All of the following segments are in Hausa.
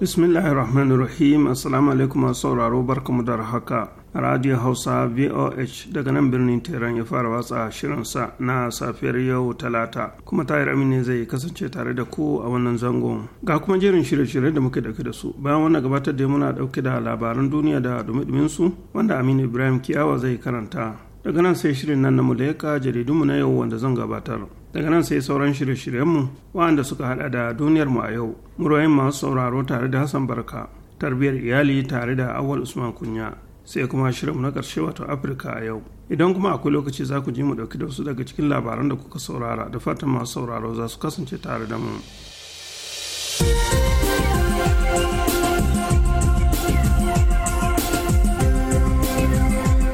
bismillahirrahmanirrahim assalamu alaikum masu sauraro barkamu da haka radio hausa voh daga nan birnin tehran ya fara watsa shirin sa, na safiyar yau talata kuma tayar amine zai kasance tare da ku a wannan zangon ga kuma jerin shirye-shirye da muke dauke da su bayan wannan gabatar da muna dauke da labaran duniya da dumi su wanda aminu ibrahim kiyawa zai karanta daga nan sai shirin nan na mu jaridun mu na yau wanda zan gabatar daga nan sai sauran shirye-shiryenmu waɗanda suka hada da duniyar mu a yau muryoyin masu sauraro tare da hassan barka tarbiyyar iyali tare da awal usman kunya sai kuma shirinmu na ƙarshe wato afirka a yau idan kuma akwai lokaci za ku ji mu ɗauki da wasu daga cikin labaran da kuka saurara da fatan masu sauraro za su kasance tare da mu.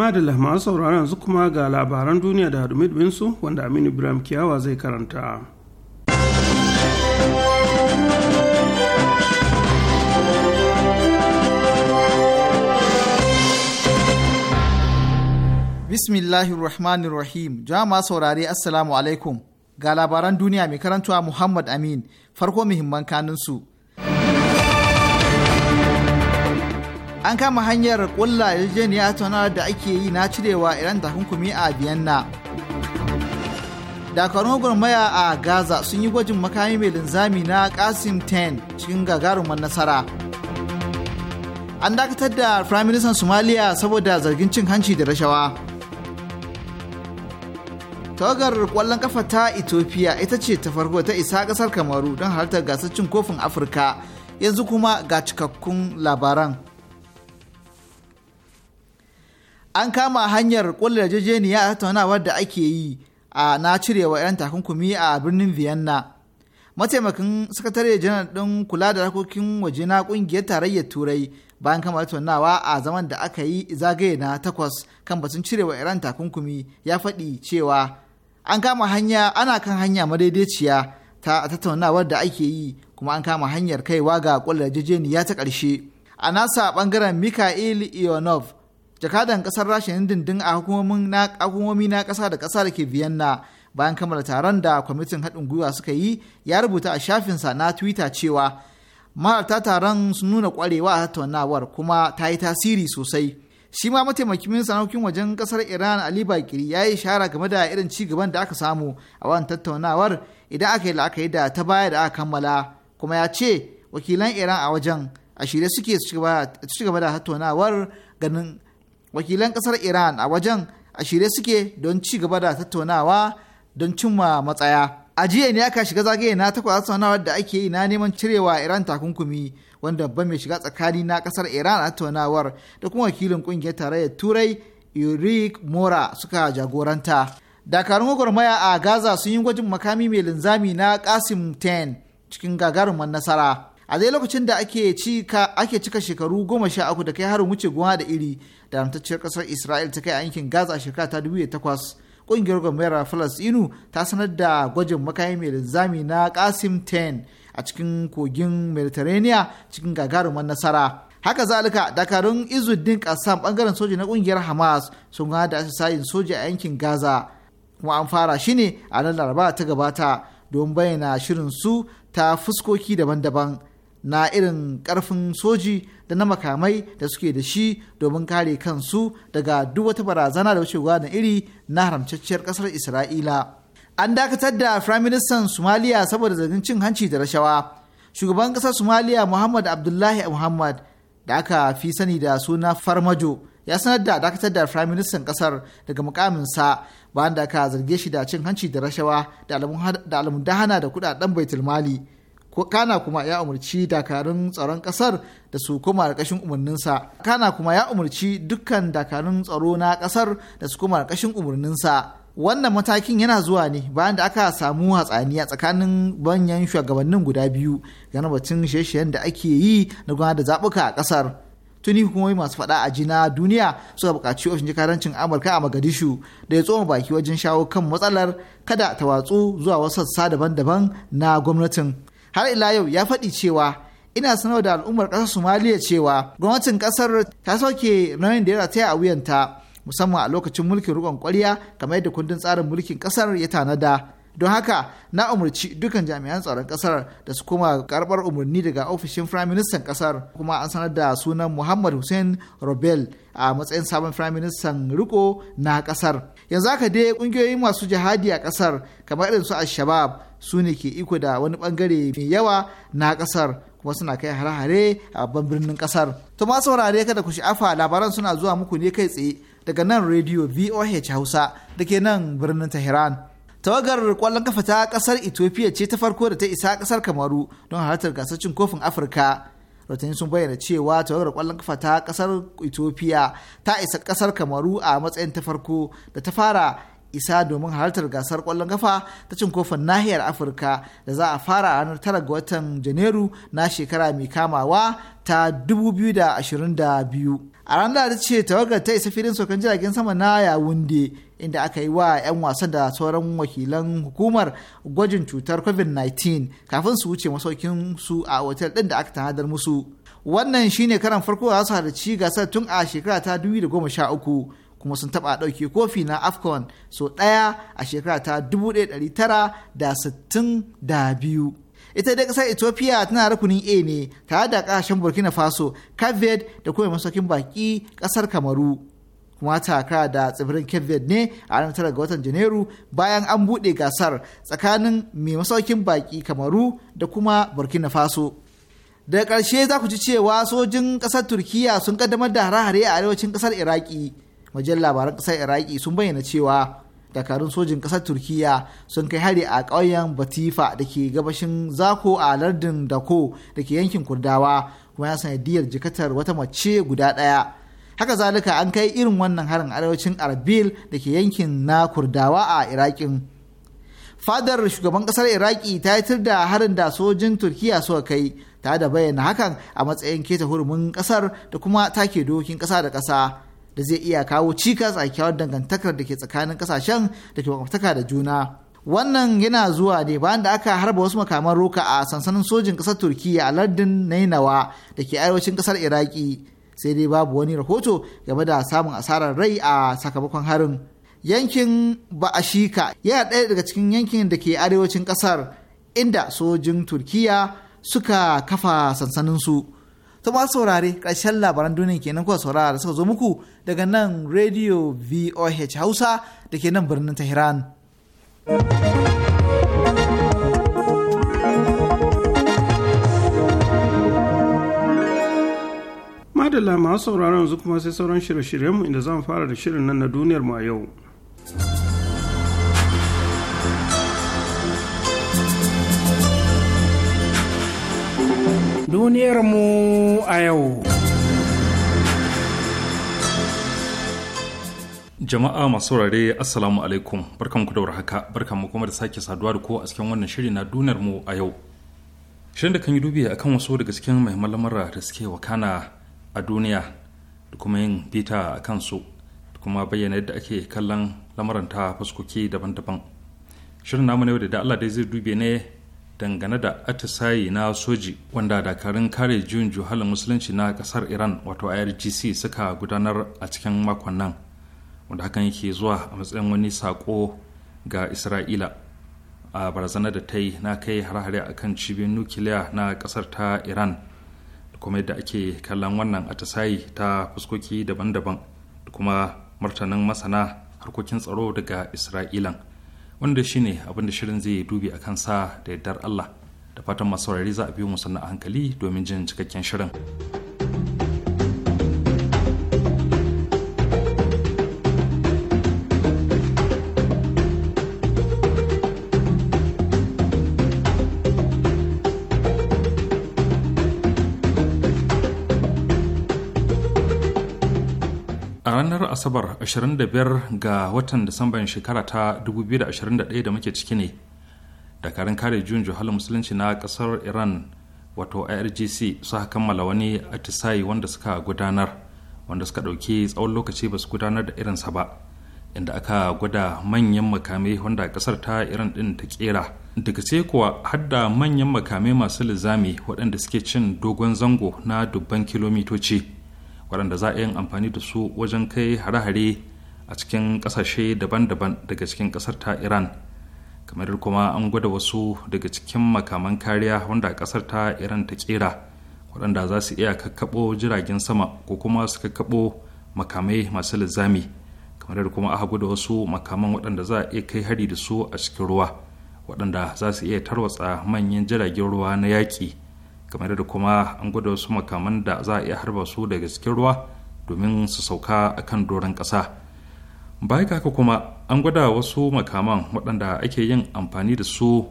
madalla masu sauraron yanzu kuma ga labaran duniya da hadumin Binsu wanda aminu ibrahim kiyawa zai karanta bismillahirrahmanirrahim jama saurare assalamu alaikum ga labaran duniya mai karantuwa muhammad amin farko muhimman kanunsu. an kama hanyar kulla yarjejeniya tattaunawar da ake yi na cirewa iran takunkumi a vienna dakarun gwagwarmaya a gaza sun yi gwajin makami mai linzami na kasim 10 cikin gagarumar nasara an dakatar da firaministan somaliya saboda zargin cin hanci da rashawa tawagar ƙwallon kafa ta ethiopia ita ce ta farko ta isa ƙasar kamaru don halartar gasar cin kofin afirka yanzu kuma ga cikakkun labaran an kama hanyar kulle yarjejeniya a tattaunawar da ake yi a na cirewa 'yan takunkumi a birnin vienna mataimakin sakatare janar ɗin kula da harkokin waje na ƙungiyar tarayyar turai bayan kama tattaunawa a zaman da aka yi zagaye na takwas kan batun cirewa iran takunkumi ya faɗi cewa an kama hanya ana kan hanya madaidaiciya ta tattaunawar da ake yi kuma an kama hanyar kaiwa ga kwallar jejeniya ta ƙarshe a nasa ɓangaren mikhail ionov jakadan kasar rasha ne dindin a hukumomi na kasa da kasa da ke vienna bayan kammala taron da kwamitin haɗin gwiwa suka yi ya rubuta a shafinsa na twitter cewa mahalarta taron sun nuna kwarewa a tattaunawar kuma ta yi tasiri sosai shi ma mataimakin sanokin wajen kasar iran ali bakiri ya yi shara game da irin ci gaban da aka samu a wannan tattaunawar idan aka yi la'akari da ta baya da aka kammala kuma ya ce wakilan iran a wajen a shirye suke su ci gaba da tattaunawar ganin wakilan kasar iran a wajen a shirye suke don ci gaba da tattaunawa don cimma matsaya a jiya ne aka shiga zagaye na takwas tattaunawar da ake yi na neman cirewa iran takunkumi wanda babban mai shiga tsakani na kasar iran a tattaunawar da kuma wakilin kungiyar tarayyar turai yurik mora suka jagoranta dakarun gwagwarmaya a gaza sun yi gwajin makami mai linzami na kasim 10 cikin gagarumar nasara a dai lokacin da ake cika shekaru goma sha uku da kai harin wuce goma da iri da amtacciyar kasar isra'il ta kai a yankin gaza a shekara ta dubu takwas ƙungiyar gwamnatin falastinu ta sanar da gwajin makayi mai linzami na kasim 10 a cikin kogin mediterania cikin gagarumar nasara haka zalika dakarun izudin kasam bangaren soja na kungiyar hamas sun da sayin soja a yankin gaza kuma an fara shi ne a nan laraba ta gabata don bayyana shirin su ta fuskoki daban-daban na irin karfin soji da na makamai da suke da shi domin kare kansu daga duk wata barazana da wucewa da iri na haramtacciyar kasar isra'ila an dakatar da firaministan somaliya saboda zargin cin hanci da rashawa shugaban kasar somaliya muhammad abdullahi muhammad da aka fi sani da suna farmajo ya sanar da dakatar da firaministan kasar daga mukaminsa bayan da aka zarge shi da cin hanci da rashawa da almudahana da kudaden baitulmali mali kana kuma ya umarci dakarun tsaron kasar da su koma ƙarƙashin umarninsa kana kuma ya umarci dukkan dakarun tsaro na kasar da su koma ƙarƙashin umarninsa wannan matakin yana zuwa ne bayan da aka samu hatsaniya tsakanin banyan shugabannin guda biyu gane batun shirye-shiryen da ake yi na gudanar da zaɓuka a ƙasar tuni hukumomi masu faɗa a jina duniya suka buƙaci ofishin jikarancin amurka a magadishu da ya tsoma baki wajen shawo kan matsalar kada ta watsu zuwa wasu sassa daban-daban na gwamnatin har ila yau ya faɗi cewa ina sanar da al'ummar ƙasar somaliya cewa gwamnatin ƙasar ta sauke nauyin da ya rataya a wuyanta musamman a lokacin mulkin rukun ƙwarya kamar yadda kundin tsarin mulkin ƙasar ya tanada don haka na umarci dukkan jami'an tsaron ƙasar da su koma karɓar umarni daga ofishin firayim ministan ƙasar kuma an sanar da sunan muhammad hussein robel a matsayin sabon firayim ministan riko na ƙasar yanzu haka dai ƙungiyoyin masu jihadi a ƙasar kamar irin su al-shabab su ne ke iko da wani bangare mai yawa na kasar kuma suna kai hare-hare a babban birnin kasar. To ma saurare kada ku sha'afa labaran suna zuwa muku ne kai tsaye daga nan rediyo VOH Hausa da ke nan birnin Tehran. Tawagar kwallon kafa ta kasar Ethiopia ce ta farko da ta isa kasar Kamaru don halartar gasar kofin Afirka. rahotanni sun bayyana cewa tawagar kwallon kafa ta kasar ethiopia ta isa kasar kamaru a matsayin ta farko da ta fara isa domin halartar gasar kwallon kafa ta cin kofin nahiyar afirka da za a fara a ranar tara ga watan janairu na shekara mai kamawa ta 2022 a ranar da ce tawagar ta isa filin sokan jiragen sama na yawunde inda aka yi wa 'yan wasa da sauran wakilan hukumar gwajin cutar covid-19 kafin su wuce masaukin su a otel ɗin da aka tanadar musu wannan shine karan farko za su halarci gasar tun a shekara ta 2013 kuma sun taɓa ɗauke kofi na afcon so ɗaya a shekara ta 1962 ita dai ƙasar ethiopia tana rukunin a ne tare da ƙasashen burkina faso cape da kuma masaukin baki ƙasar kamaru kuma takara da tsibirin cape ne a ranar tara ga watan janairu bayan an buɗe gasar tsakanin mai masaukin baki kamaru da kuma burkina faso daga ƙarshe za ku ji cewa sojin ƙasar turkiya sun ƙaddamar da hare-hare a arewacin ƙasar iraki wajen labaran kasar iraki sun bayyana cewa dakarun sojin kasar turkiya sun kai hari a ƙauyen batifa da ke gabashin zako a lardin dako da ke yankin kurdawa kuma ya sanadiyar jikatar wata mace guda ɗaya haka zalika an kai irin wannan harin arewacin arbil da ke yankin na kurdawa a irakin fadar shugaban kasar iraki ta yi da harin da sojin turkiya suka kai ta da bayyana hakan a matsayin keta hurumin kasar da kuma take dokin kasa da kasa da zai iya kawo cikas a kyawar dangantakar da ke tsakanin kasashen da ke makwabtaka da juna. Wannan yana zuwa ne bayan da aka harba wasu makaman roka a sansanin sojin ƙasar Turkiyya a lardin Nainawa da ke arewacin ƙasar Iraki. Sai dai babu wani rahoto game da samun asarar rai a sakamakon harin. Yankin Ba'ashika yana ɗaya daga cikin yankin da ke arewacin ƙasar inda sojin Turkiyya suka kafa sansaninsu. su. to ma saurare ƙarshen labaran duniya kenan kuwa saurara da suka zo muku daga nan radio voh hausa da ke nan birnin tehran madalla masu sauraron yanzu kuma sai sauran shirye-shiryenmu inda zan fara da shirin nan na duniyar mu a yau Duniyarmu a yau. Jama'a masu saurare Assalamu alaikum barkanku da barkan mu kuma da sake saduwa da ko a cikin wannan shiri na duniyarmu a yau. Shirin da kan yi dubi akan wasu daga cikin muhimman lamura da suke wakana a duniya da kuma yin bita a kansu da kuma bayyana yadda ake kallon lamuran ta fuskoki daban-daban. Shirin namu ne da Allah da zai dube ne dangane da atisayi na soji wanda dakarun kare juyin juhalin musulunci na kasar iran wato irgc suka gudanar a cikin makon nan wanda hakan yake zuwa a matsayin wani sako ga isra'ila a barazanar da ta yi na kai har hare a kan cibiyar nukiliya na kasar ta iran da kuma yadda ake kallon wannan atisayi ta fuskoki daban-daban da kuma martanin masana harkokin tsaro daga isra'ilan wanda shine abin da shirin zai dubi a kansa da yardar Allah da fatan masu za a biyo mu a hankali domin jin cikakken shirin. asabar 25 ga watan disamban shekara ta 2021 da muke ciki ne dakarun kare juyin juhalin musulunci na kasar iran wato irgc suka kammala wani atisayi wanda suka gudanar wanda suka ɗauki tsawon lokaci ba su gudanar da irinsa ba inda aka gwada manyan makamai wanda kasar ta iran ɗin ta kera daga sai kuwa hadda manyan makamai masu lizami waɗanda suke cin dogon zango na dubban kilomitoci waɗanda za a yin amfani da su wajen kai hare-hare a cikin ƙasashe daban-daban daga cikin ƙasar ta iran kamar kuma an gwada wasu daga cikin makaman kariya wanda ƙasar ta iran ta ƙera waɗanda za su iya kakkaɓo jiragen sama ko kuma su kakkaɓo makamai masu lizami kamar kuma aka gwada wasu makaman waɗanda za a iya kai hari da su a cikin ruwa waɗanda za su iya tarwatsa manyan jiragen ruwa na yaƙi kamar da kuma an gwada wasu makaman da za a iya harba su daga cikin ruwa domin su sauka a kan doron ƙasa baya haka kuma an gwada wasu makaman waɗanda ake yin amfani da su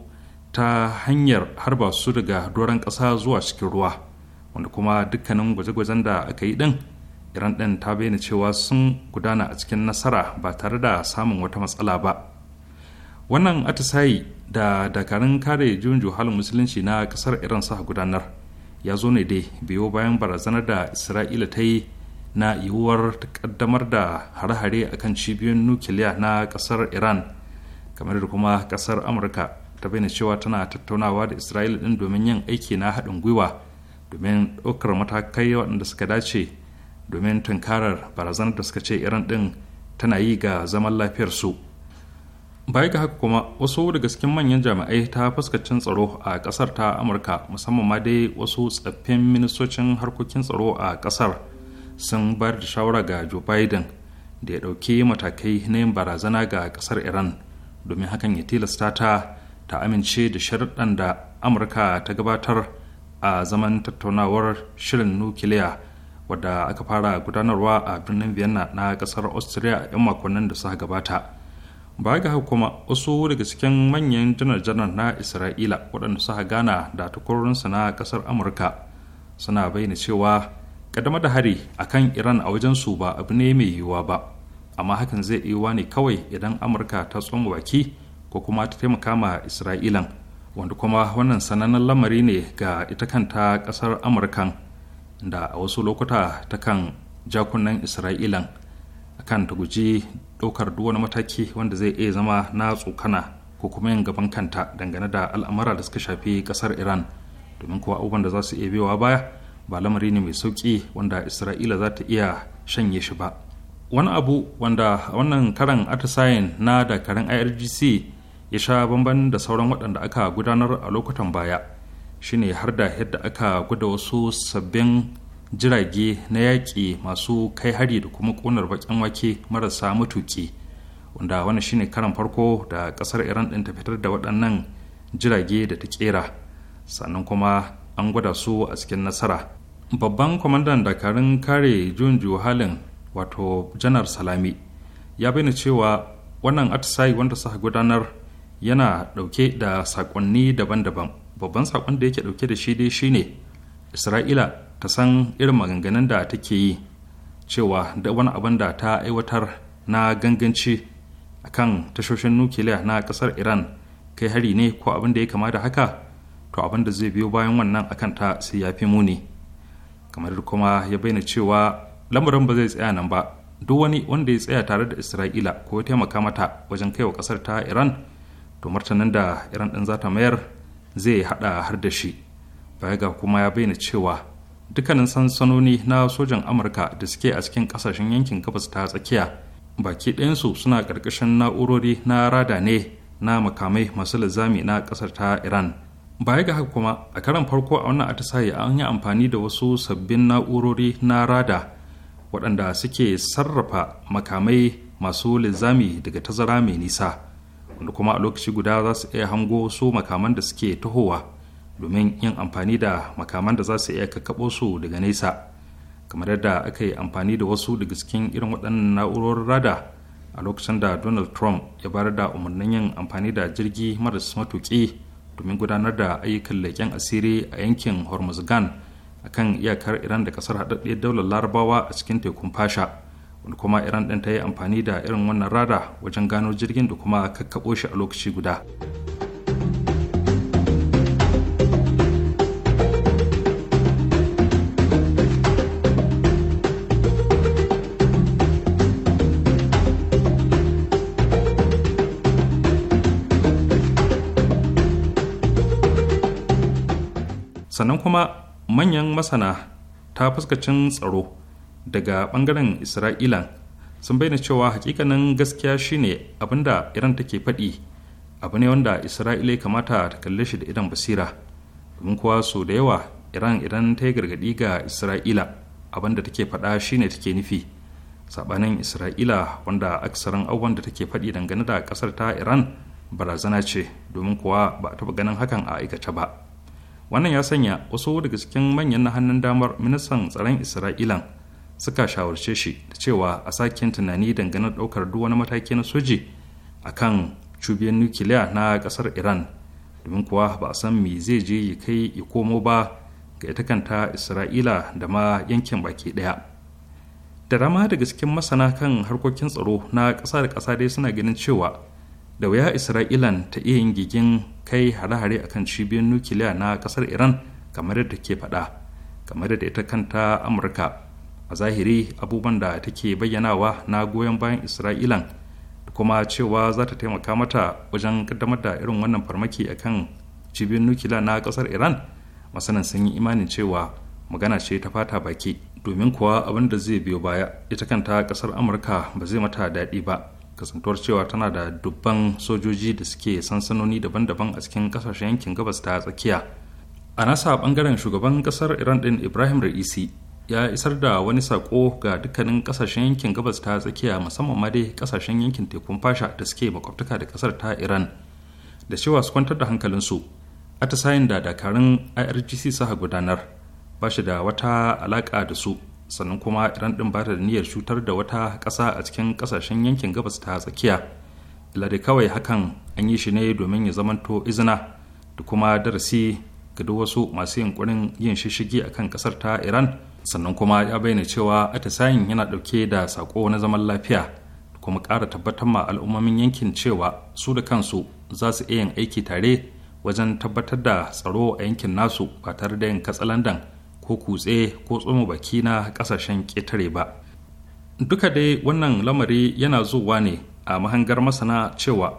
ta hanyar harba su daga doron ƙasa zuwa cikin ruwa wanda kuma dukkanin gwaje-gwajen da aka yi ɗin iran ɗin ta bayyana cewa sun gudana a cikin nasara ba tare da samun wata matsala ba wannan atisayi da dakarun kare juyin halin musulunci na kasar iran sa gudanar ya zo ne dai biyo bayan barazanar da isra'ila ta yi na yiwuwar kaddamar da hare-hare a kan cibiyoyin nukiliya na kasar iran kamar da kuma kasar amurka ta bayyana cewa tana tattaunawa da isra'ila din domin yin aiki na haɗin gwiwa domin ɗaukar matakai waɗanda suka dace domin tunkarar barazanar da suka ce iran din tana yi ga zaman lafiyar su baya ga haka kuma wasu daga cikin manyan jami'ai ta fuskacin tsaro a kasar ta amurka musamman ma dai wasu tsaffin ministocin harkokin tsaro a kasar sun bayar da shawara ga joe biden da ya ɗauki matakai na yin barazana ga kasar iran domin hakan ya tilasta ta ta amince da sharuɗan da amurka ta gabatar a zaman tattaunawar shirin nukiliya wadda aka fara gudanarwa a birnin vienna na kasar austria a 'yan makonnin da suka gabata ba ga haka kuma wasu daga cikin manyan janar-janar na isra'ila waɗanda suka gana da takwarorinsu na ƙasar amurka suna bayyana cewa ƙaddamar da hari a kan iran a wajensu ba abu ne mai yiwuwa ba amma hakan zai iya ne kawai idan amurka ta tsoma baki ko kuma ta taimaka ma isra'ilan wanda kuma wannan sananan lamari ne ga ita kanta ƙasar amurkan da a wasu lokuta ta kan jakunan isra'ilan kan ta guji ɗaukar duk wani mataki wanda zai iya zama na tsokana ko kuma yin gaban kanta dangane da al'amura da suka shafi ƙasar iran domin kuwa abubuwan da za su iya biyowa baya ba lamari ne mai sauƙi wanda isra'ila za ta iya shanye shi ba wani abu wanda wannan karan atisayen na dakarun irgc ya sha bamban da sauran waɗanda aka gudanar a lokutan baya shine har da yadda aka guda wasu sabbin jirage na yaƙi masu kai hari da kuma ƙonar baƙin wake marasa matuƙi wanda wani shine karan farko da ƙasar iran ɗin ta fitar da waɗannan jirage da ta ƙera sannan kuma an gwada su a cikin nasara babban kwamandan dakarun kare jun halin wato janar salami ya bayyana cewa wannan atisayi wanda suka gudanar yana ɗauke da saƙonni daban-daban babban saƙon da yake ɗauke da shi dai shine isra'ila ta san irin maganganun da take yi cewa da wani abin da ta aiwatar na ganganci kan tashoshin nukiliya na kasar iran kai hari ne ko abin da ya kama da haka to abin da zai biyo bayan wannan akan ta sai ya fi muni kamar kuma ya bayyana cewa lamarin ba zai tsaya nan ba duk wani wanda ya tsaya tare da isra'ila ko ya taimaka mata wajen kaiwa kasar ta iran to martanin da iran din za ta mayar zai hada har da shi baya ga kuma ya bayyana cewa dukkanin sansanoni na sojan amurka da suke a cikin kasashen yankin gabas ta tsakiya baki ɗayansu suna ƙarƙashin na'urori na rada ne na makamai masu lizami na ƙasar ta iran baya ga haka kuma a karan farko a wannan atisaye an yi amfani da wasu sabbin na'urori na rada waɗanda suke sarrafa makamai masu lizami daga tazara mai nisa wanda kuma a lokaci guda za su iya hango su makaman da suke tahowa domin yin amfani da makaman da za su iya kakkaɓo su daga nesa kamar yadda aka yi amfani da wasu daga cikin irin waɗannan na'urorin rada a lokacin da donald trump ya bayar da umarnin yin amfani da jirgi maras matuƙi domin gudanar da ayyukan leƙen asiri a yankin hormuzgan a kan iyakar iran da kasar haɗaɗɗe daular larabawa a cikin tekun fasha wanda kuma iran ɗin ta yi amfani da irin wannan rada wajen gano jirgin da kuma kakkaɓo shi a lokaci guda. sannan kuma manyan masana ta fuskacin tsaro daga bangaren Isra'ila sun bayyana cewa hakikanin gaskiya shine abinda iran take faɗi abu ne wanda isra'ila kamata ta kalle shi da idan basira domin kuwa so da yawa iran idan ta yi gargaɗi ga isra'ila abinda take faɗa shine take nufi saɓanin isra'ila wanda aksarin abubuwan da take faɗi dangane da ƙasar ta iran barazana ce domin kuwa ba a taɓa ganin hakan a aikace ba wannan ya sanya wasu daga cikin manyan na hannun damar ministan tsaron isra'ilan suka shawarce shi da cewa a sakin tunani dangane ɗaukar duk wani mataki na soji a kan cubiyar nukiliya na ƙasar iran domin kuwa ba a san me zai je ya kai ya komo ba ga ita kanta isra'ila da ma yankin baki ɗaya da rama daga cikin masana kan harkokin tsaro na ƙasa da ƙasa dai suna ganin cewa da wuya isra'ilan ta iya yin gigin kai hare-hare akan cibiyar nukiliya na kasar iran kamar yadda ke faɗa kamar yadda ita kanta amurka a zahiri abubuwan da take bayyanawa na goyon bayan isra'ilan da kuma cewa za ta taimaka mata wajen kaddamar da irin wannan farmaki a kan cibiyar nukiliya na kasar iran masanan sun yi imanin cewa magana ce ta fata baki domin kuwa abin da zai biyo baya ita kanta kasar amurka ba zai mata daɗi ba kasantuwar cewa tana da dubban sojoji da suke sansanoni daban-daban a cikin kasashen yankin gabas ta tsakiya a nasa bangaren shugaban kasar iran din ibrahim ra'isi ya isar da wani sako ga dukkanin kasashen yankin gabas ta tsakiya musamman ma dai kasashen yankin tekun fasha da suke makwabtaka da kasar ta iran da cewa su kwantar da hankalinsu atisayin da dakarun irgc saha gudanar ba shi da wata alaka da su sannan kuma iran din ba da niyyar cutar da wata ƙasa a cikin ƙasashen yankin gabas ta tsakiya ila kawai hakan an yi shi ne domin ya zamanto izina da kuma darasi ga duk wasu masu yunkurin yin shishigi a kan ƙasar ta iran sannan kuma ya bayyana cewa atisayin yana ɗauke da sako na zaman lafiya da kuma ƙara tabbatar ma al'ummomin yankin cewa su da kansu za su iya yin aiki tare wajen tabbatar da tsaro a yankin nasu ba tare da yin katsalandan ko kutse ko tsoma baki na kasashen ƙetare ba duka dai wannan lamari yana zuwa ne a mahangar masana cewa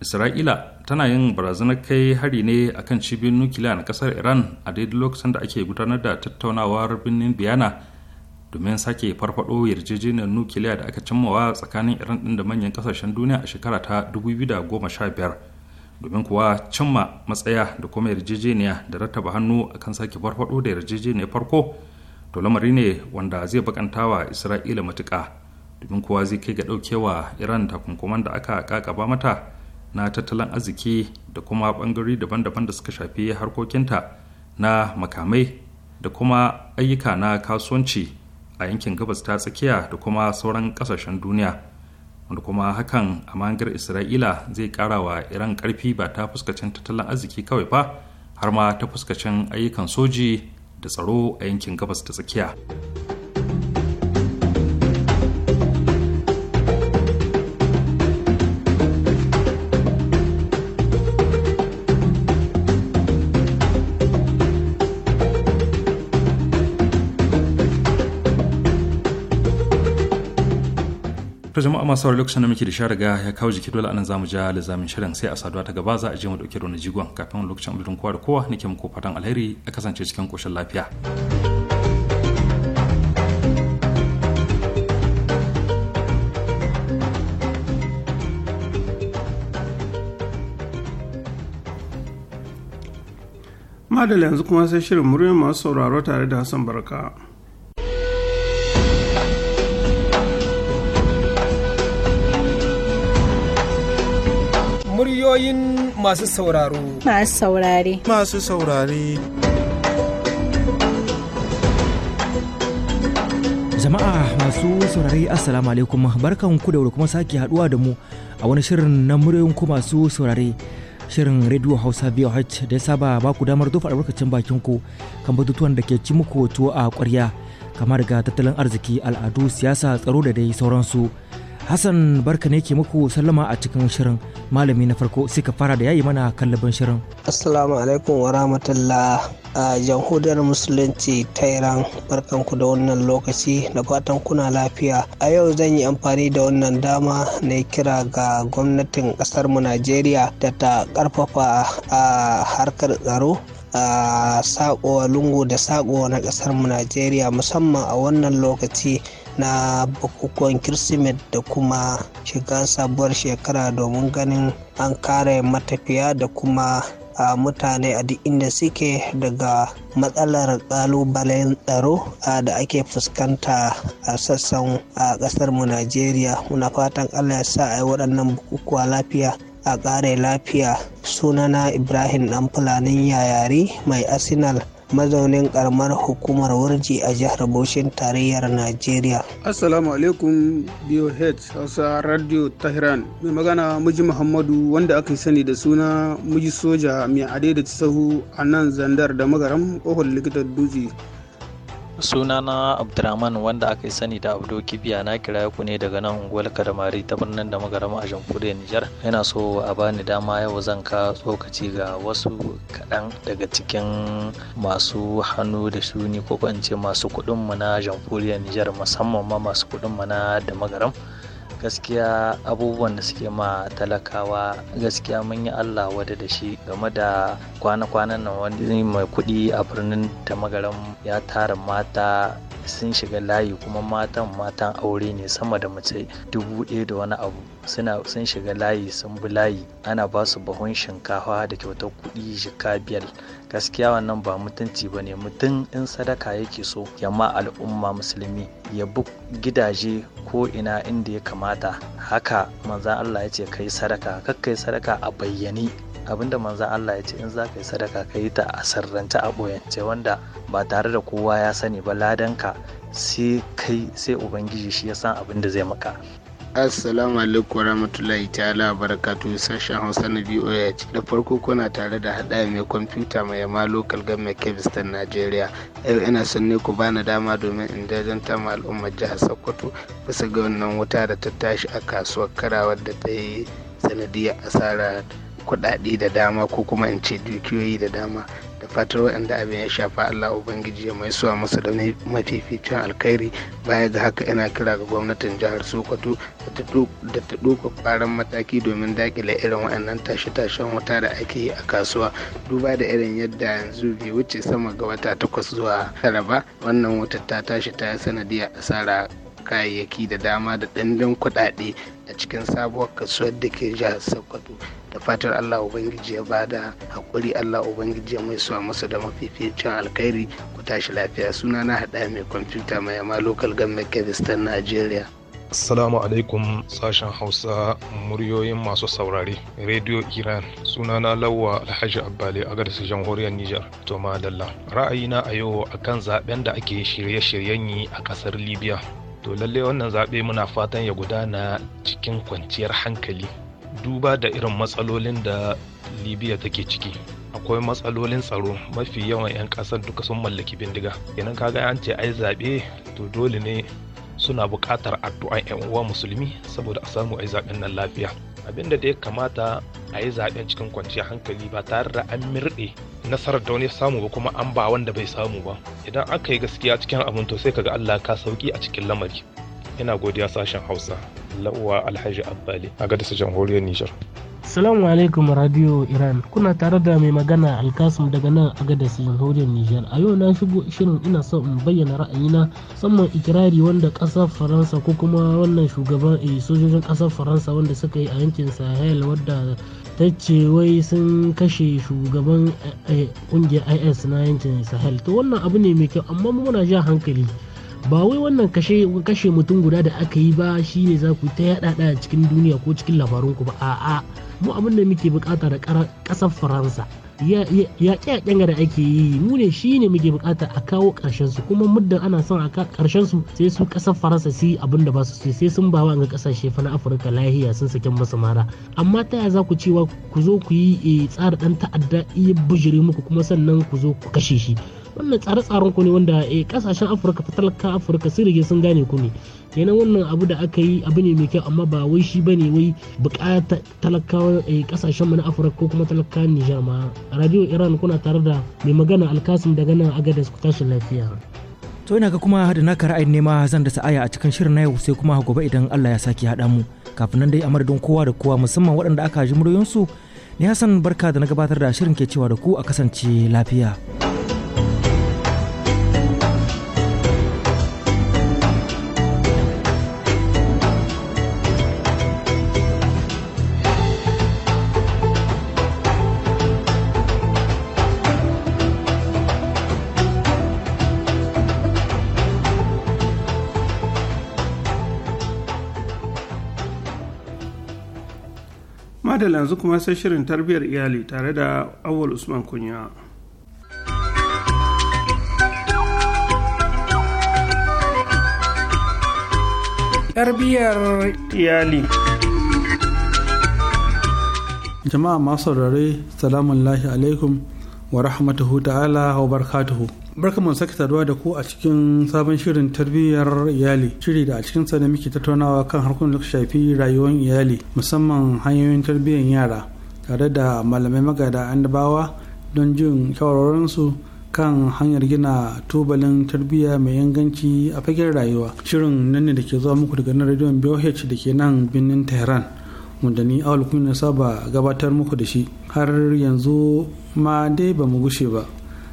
isra'ila tana yin barazanar kai hari ne akan cibiyar nukiliya na kasar iran a daidai lokacin da ake gudanar da tattaunawar birnin biyana domin sake farfado yarjejeniyar nukiliya da aka cimmawa tsakanin iran din da manyan kasashen duniya a shekara ta 2015 domin kuwa cimma matsaya da kuma yarjejeniya da rattaba hannu a kan sake farfado da yarjejeniya farko to lamari ne wanda zai bakantawa isra'ila matuka domin kuwa zai kai ga ɗaukewa iran takunkuman da aka kakaba mata na tattalin arziki da kuma ɓangare daban-daban da suka shafi harkokinta na makamai da kuma ayyuka na kasuwanci a yankin gabas ta tsakiya da kuma sauran ƙasashen duniya. wanda kuma hakan a mahangar isra'ila zai kara wa iran karfi ba ta fuskacin tattalin arziki kawai ba har ma ta fuskacin ayyukan soji da tsaro a yankin gabas ta tsakiya. to jama'a masu sauraro lokacin da muke da sha riga ya kawo jiki dole anan zamu ja lizamin shirin sai a saduwa ta gaba za a je mu dauke da wani jigon kafin lokacin mutun kowa da kowa nake muku fatan alheri a kasance cikin koshin lafiya. madalla yanzu kuma sai shirin muryar masu sauraro tare da hassan barka Muryoyin masu sauraro. Masu saurare. Masu saurare. Jama'a masu saurare Assalamu alaikum barkan ku da kuma sake haduwa da mu a wani shirin na muryoyin ku masu saurare. Shirin Radio Hausa VOH da ya saba ba ku damar dofa albarkacin bakin ku kan batutuwan da ke ci muku tuwo a kwarya kamar ga tattalin arziki al'adu siyasa tsaro da dai sauransu. Hassan barka ne ke muku sallama a cikin shirin malami na farko sai ka fara da yayi mana kallaban shirin. Assalamu alaikum wa rahmatullah a jamhuriyar musulunci ta Iran barkan ku da wannan lokaci da fatan kuna lafiya. A yau zan yi amfani da wannan dama na kira ga gwamnatin kasar mu Najeriya da ta karfafa a harkar tsaro a saƙo lungu da saƙo na kasar mu Najeriya musamman a wannan lokaci na bukukuwan kirsimet da kuma shiga sabuwar shekara domin ganin an kare matafiya da kuma a mutane a duk inda suke daga matsalar kalubalen tsaro da ake fuskanta a sassan a kasar mu Najeriya muna fatan Allah ya sa a yi waɗannan bukukuwa lafiya a kare lafiya sunana Ibrahim ɗan fulanin yayari mai Arsenal mazaunin karamar hukumar wurji a jihar Bauchin tarayyar Najeriya. Assalamu alaikum BOH Hausa Radio Tehran. Mai magana Muji Muhammadu wanda aka sani da suna Muji Soja mai adaidaci sahu a nan zandar da magaram ohun likitar dutse. sunana abdurrahman wanda aka yi sani da abdo kibiya na kira ku ne daga nan unguwar kadamari ta birnin da magarama a jamhuriyar nijar yana so a bani dama yau zan ka tsokaci ga wasu kaɗan daga cikin masu hannu da shuni ko ce masu kuɗin mu na jamhuriyar nijar musamman ma masu kuɗin mu na da magaram gaskiya abubuwan da suke ma talakawa gaskiya mun yi allah wada da shi game da kwana-kwanan nan wani mai kuɗi a birnin tamagaram ya tara mata sun shiga layi kuma matan matan aure ne sama da mace dubu ɗaya da wani abu sun shiga layi sun bi layi ana ba su buhun shinkafa da kyautar kuɗi jika biyar gaskiya wannan ba mutunci ba ne mutum in sadaka yake so ya ma al'umma musulmi ya bi gidaje ko ina inda ya kamata haka manzan Allah ya ce kai sadaka kakkai sadaka a bayyane da manzan Allah ya ce in za ka yi sadaka ka yi ta a sirrance a ɓoyance wanda ba tare da kowa ya sani ba ladanka sai kai sai ubangiji shi ya san abin da zai maka assalamu alaikum warahmatullahi ta'ala barakatu sashen hausa na ce da farko kuna tare da hada mai kwamfuta mai yama local government kebistan nigeria yau ina son ne ku bani dama domin in jajanta ma al'ummar jihar sokoto bisa ga wannan wuta da ta tashi a kasuwar karawar da ta yi sanadiyar asarar kuɗaɗe da dama ko kuma in ce dukiyoyi da dama da fatar waɗanda abin ya shafa Allah Ubangiji ya mai suwa masa da mafificin alkhairi baya ga haka ina kira ga gwamnatin jihar Sokoto da ta ɗauka ƙwaran mataki domin daƙile irin waɗannan tashe-tashen wuta da ake yi a kasuwa duba da irin yadda yanzu bai wuce sama ga wata takwas zuwa tara ba wannan wutar ta tashi ta sanadiyar asara kayayyaki da dama da ɗanɗan kuɗaɗe a cikin sabuwar kasuwar da ke jihar sokoto da fatar allah ubangiji ya bada haƙuri allah ubangiji ya mai suwa masa da mafificin alkhairi ku tashi lafiya suna na haɗa mai kwamfuta mai lokal local government kebistan nigeria Assalamu alaikum sashen Hausa muryoyin masu saurare. Radio Iran suna na Lawwa Alhaji Abbali a gadis jamhuriyar Nijar. To madalla. Ra'ayina a yau akan zaben da ake shirye-shiryen yi a kasar Libya. to lalle wannan zaɓe muna fatan ya gudana cikin kwanciyar hankali duba da irin matsalolin da libya take ciki akwai matsalolin tsaro mafi yawan 'yan ƙasar duka sun mallaki bindiga idan kaga an ce ai zaɓe to dole ne suna buƙatar addu'an 'yan uwa musulmi saboda a samu a yi zaɓen nan lafiya abin da ya kamata a yi zaɓen cikin kwanciyar hankali ba tare da an mirɗe nasarar da wani samu ba kuma an ba wanda bai samu ba idan aka yi gaskiya cikin abin to sai kaga Allah ka sauki a cikin lamari ina godiya sashen hausa la'uwa alhaji abbali a gadisa jamhuriyar nijar Salamu alaikum Radio Iran kuna tare da mai magana Alkasum daga nan a Agadas jamhuriyar Nijar. A yau na shigo shirin ina son in bayyana ra'ayina musamman ikirari wanda kasar Faransa ko kuma wannan shugaban eh, sojojin kasar Faransa wanda suka yi a yankin Sahel wadda ta ce wai sun kashe shugaban kungiyar eh, eh, IS na yankin Sahel. To wannan abu ne mai kyau amma muna ja hankali. ba wai wannan kashe mutum guda da aka yi ba shine za ku ta yada da cikin duniya ko cikin ku. ba a'a mu abin da muke bukata da kasar faransa ya yaƙe da ake yi mu ne shi ne muke bukata a kawo ƙarshen su kuma muddin ana son a karshen su sai su kasar faransa su yi abin da ba su sai sun bawa ga kasashe fa na afirka lahiya sun sakin masu mara amma ta yaya za ku cewa ku zo ku yi eh, tsara dan ta'adda iya bujire muku kuma sannan ku zo ku kashe shi wannan tsare-tsaren ku ne wanda eh kasashen afirka talaka afirka sun rige sun gane ku ne kenan wannan abu da aka yi abu ne mai kyau amma ba wai shi bane wai bukata talakawa eh kasashen mu na afirka ko kuma talaka nijar ma radio iran kuna tare da mai magana alkasim daga nan agadas ku tashi lafiya to ina ga kuma da naka ra'ayin nema zan da sa'aya a cikin shirin na yau sai kuma gobe idan Allah ya saki hada mu kafin nan dai a madadin kowa da kowa musamman waɗanda aka ji muryoyinsu ni hasan barka da na gabatar da shirin ke cewa da ku a kasance lafiya. da yanzu kuma sai shirin tarbiyyar iyali tare da awal usman kunya tarbiyyar iyali jama'a masu saurare salamun alaikum wa rahmatuhu ta'ala wa barkatuhu Barka barkamu sake saduwa da ku a cikin sabon shirin tarbiyyar iyali shiri da a cikin sa ne muke tattaunawa kan harkokin da shafi rayuwar iyali musamman hanyoyin tarbiyyar yara tare da malamai magada annabawa don jin shawarorinsu kan hanyar gina tubalin tarbiyya mai inganci a fagen rayuwa shirin nan ne da ke zuwa muku daga nan rediyon boh da ke nan birnin tehran wanda ni awal kuma saba gabatar muku da shi har yanzu ma dai bamu mu gushe ba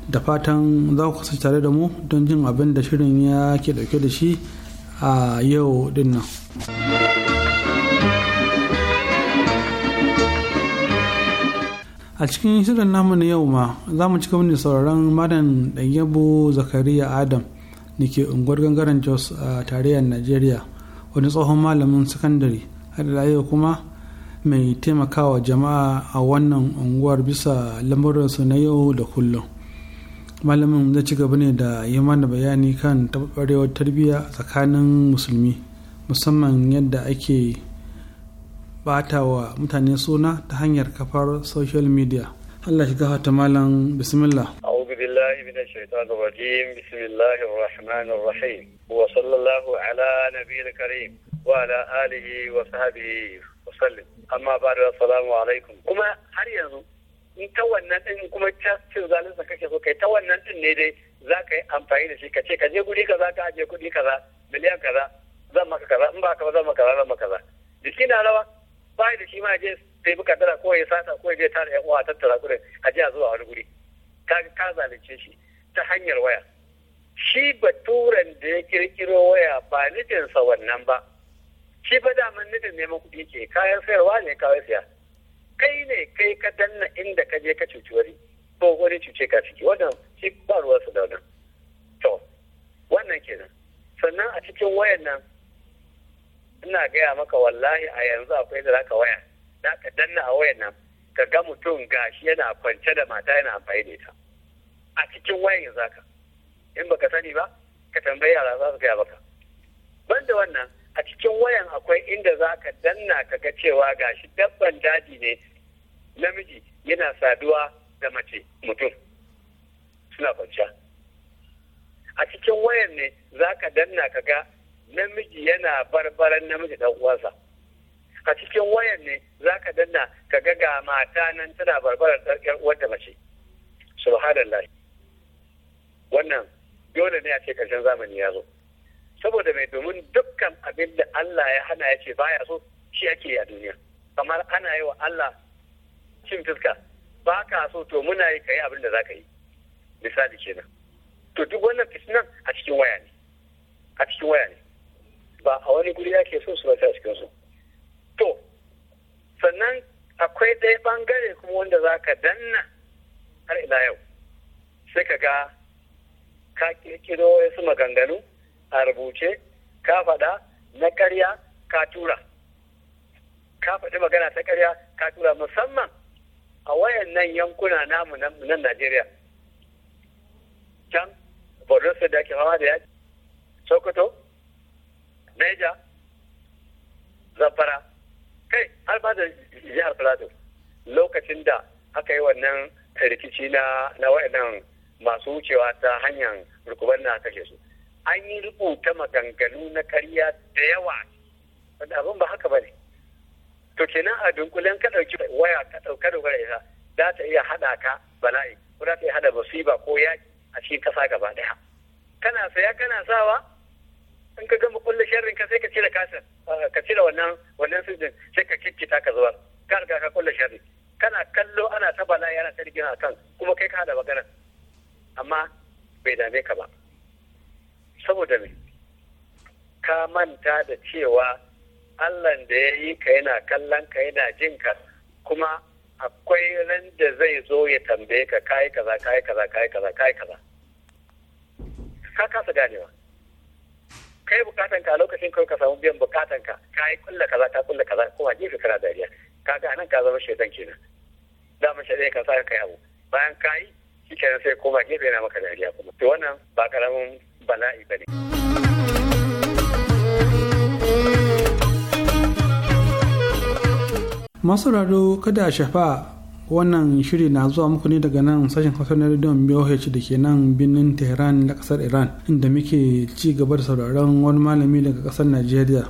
da fatan za ku kasance tare da mu don jin abin da shirin ya ke dauke da shi a yau dinnan. a cikin shirin namu na yau ma za mu ci gaba da sauraron madan yabo zakariya adam da ke unguwar gangaren jos a tarayyar najeriya wani tsohon malamin sakandare da yau kuma mai taimakawa jama'a a wannan unguwar bisa lamuransu na yau da kullum malamin zai ci gaba ne da yi mana bayani kan taɓarɓarewar tarbiyya tsakanin musulmi musamman yadda ake bata wa mutane suna ta hanyar kafar social media Allah shiga hata malam bismillah بالله من الشيطان الرجيم بسم الله الرحمن الرحيم وصلى الله على نبينا الكريم وعلى آله da وسلم أما har yanzu in ta wannan din kuma cin zalunsa kake so kai ta wannan din ne dai za ka yi amfani da shi ka ce ka je guri kaza ka je kuɗi kaza miliyan kaza zan maka kaza in ba ka ba zan maka kaza zan maka kaza jiki na rawa ba da shi ma je sai buka dara ko ya sata ko ya je tara yan uwa a tattara kuɗin a je a zuwa wani guri ka ka zalunce shi ta hanyar waya shi baturen da ya kirkiro waya ba nufinsa wannan ba shi fa daman nufin neman kuɗi ke kayan sayarwa ne kawai siya sai ka danna inda ka je ka cuci wani ko wani cuce ka ciki wannan shi ba ruwa su da wannan to wannan kenan sannan a cikin wayan nan ina gaya maka wallahi a yanzu akwai da zaka waya za ka danna a wayan nan ka ga mutum gashi yana kwance da mata yana amfani da ita a cikin wayan yanzu haka in baka sani ba ka tambayi yara za su gaya maka banda wannan a cikin wayan akwai inda za ka danna ka ga cewa gashi dabban daji ne namiji yana saduwa da mace mutum suna kwanciya a cikin wayan ne za ka danna ka ga namiji yana barbaran namiji dan uwansa a cikin wayan ne za ka danna ka ga ga mata nan tana barbarar ɗarkar wadda mace subhanallah wannan dole ne a ce karshen zamani ya zo saboda mai domin dukkan abin da Allah ya hana ya ce baya so shi ake yi a duniya kamar ana yi wa Allah cin fiska ba ka so to muna yi ka yi abin da za ka yi misali kenan to duk wannan fitinan a cikin waya ne a cikin waya ne ba a wani guri ake so su rasa a cikin su to sannan akwai ɗaya bangare kuma wanda za ka danna har ila yau sai ka ga ka kirkiro wasu maganganu a rubuce ka faɗa na ƙarya ka tura ka faɗi magana ta ƙarya ka tura musamman a wayannan yankuna namu nan Najeriya can Borno State da ke hawa da yaki Sokoto Niger zafara, kai har ba da jihar Plateau lokacin da aka yi wannan rikici na na wayannan masu wucewa ta hanyar rukuban na kashe su an yi rubuta maganganu na karya da yawa wanda abin ba haka ba ne to kenan a dunkulen ka ɗauki waya ka ɗauka dogara ita za ta iya haɗa ka bala'i ko za ta iya haɗa masifa ko yaƙi a cikin ƙasa gaba ɗaya kana saya kana sawa in ka gama kulle sharrin ka sai ka cire kasar ka cire wannan wannan sirrin sai ka kikkita ka zuwa ka riga ka kulle sharri kana kallo ana ta bala'i ana ta rigina akan kuma kai ka haɗa magana amma bai dame ka ba saboda me ka manta da cewa allah da ya yi ka yana kallon ka yana jin ka kuma akwai ran da zai zo ya tambaye ka kayi kaza kayi kaza kayi kaza kayi kaza ka kasa ganewa kai bukatan ka lokacin kai ka samu biyan bukatan ka kayi kulla kaza ka kulla kaza ko a gefe kana dariya kaga anan ka zama shaidan kenan mu shaidan ka sa kai abu bayan kayi shi kenan sai koma gefe yana maka dariya kuma to wannan ba karamin bala'i bane. masu raro kada a shafa wannan shiri na zuwa muku ne daga nan sashen kasar na rediyon BOH da ke nan birnin Tehran da kasar Iran inda muke ci gaba da sauraron wani malami daga kasar Najeriya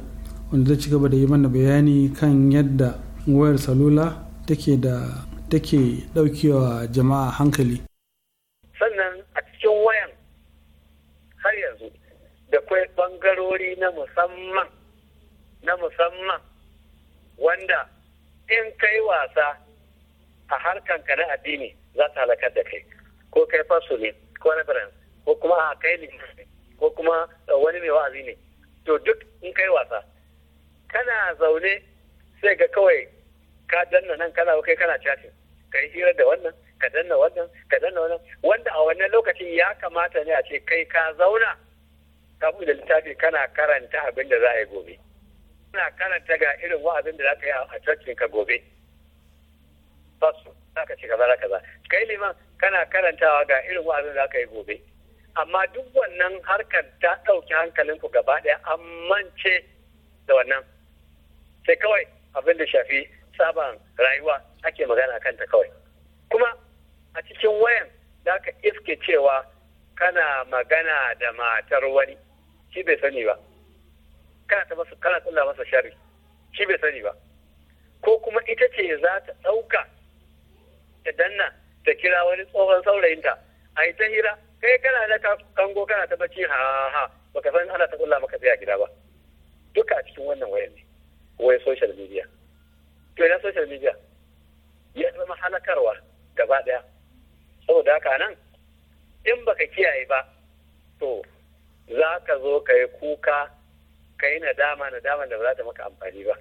wanda zai ci gaba da yi mana bayani kan yadda wayar salula take da take daukewa jama'a hankali. Sannan a cikin wayan har yanzu da kwai bangarori na musamman na musamman wanda in kai wasa a harkan ka na addini za ta halakar da kai ko kai faso ne ko reference ko kuma a kai ne ko kuma wani mai wa'azi ne to duk in kai wasa kana zaune sai ga kawai ka danna nan kana kai kana ka kai hira da wannan ka danna wannan ka danna wannan wanda a wannan lokacin ya kamata ne a ce kai ka zauna ka da littafi kana karanta abin da za a yi gobe suna karanta ga irin wa'azin da za ka yi a cocin ka gobe basu za ka ce kaza kaza kai liman kana karantawa ga irin wa'azin da za ka yi gobe amma duk wannan harkar ta ɗauki hankalinku gaba ɗaya an mance da wannan sai kawai abin da shafi sabon rayuwa ake magana kanta kawai kuma a cikin wayan za ka iske cewa kana magana da matar wani shi bai sani ba kana ta masa kana tsalla masa shari shi bai sani ba ko kuma ita ce za ta ɗauka ta danna ta kira wani tsohon saurayinta a yi ta hira kai kana da kango kana ta bacci ha ha baka san ana ta kulla maka tsaya gida ba duka a cikin wannan wayan ne wayar social media to ina social media ya zama halakarwa gaba daya saboda haka nan in baka kiyaye ba to za ka zo ka yi kuka ka yi nadama nadama da ba za ta maka amfani ba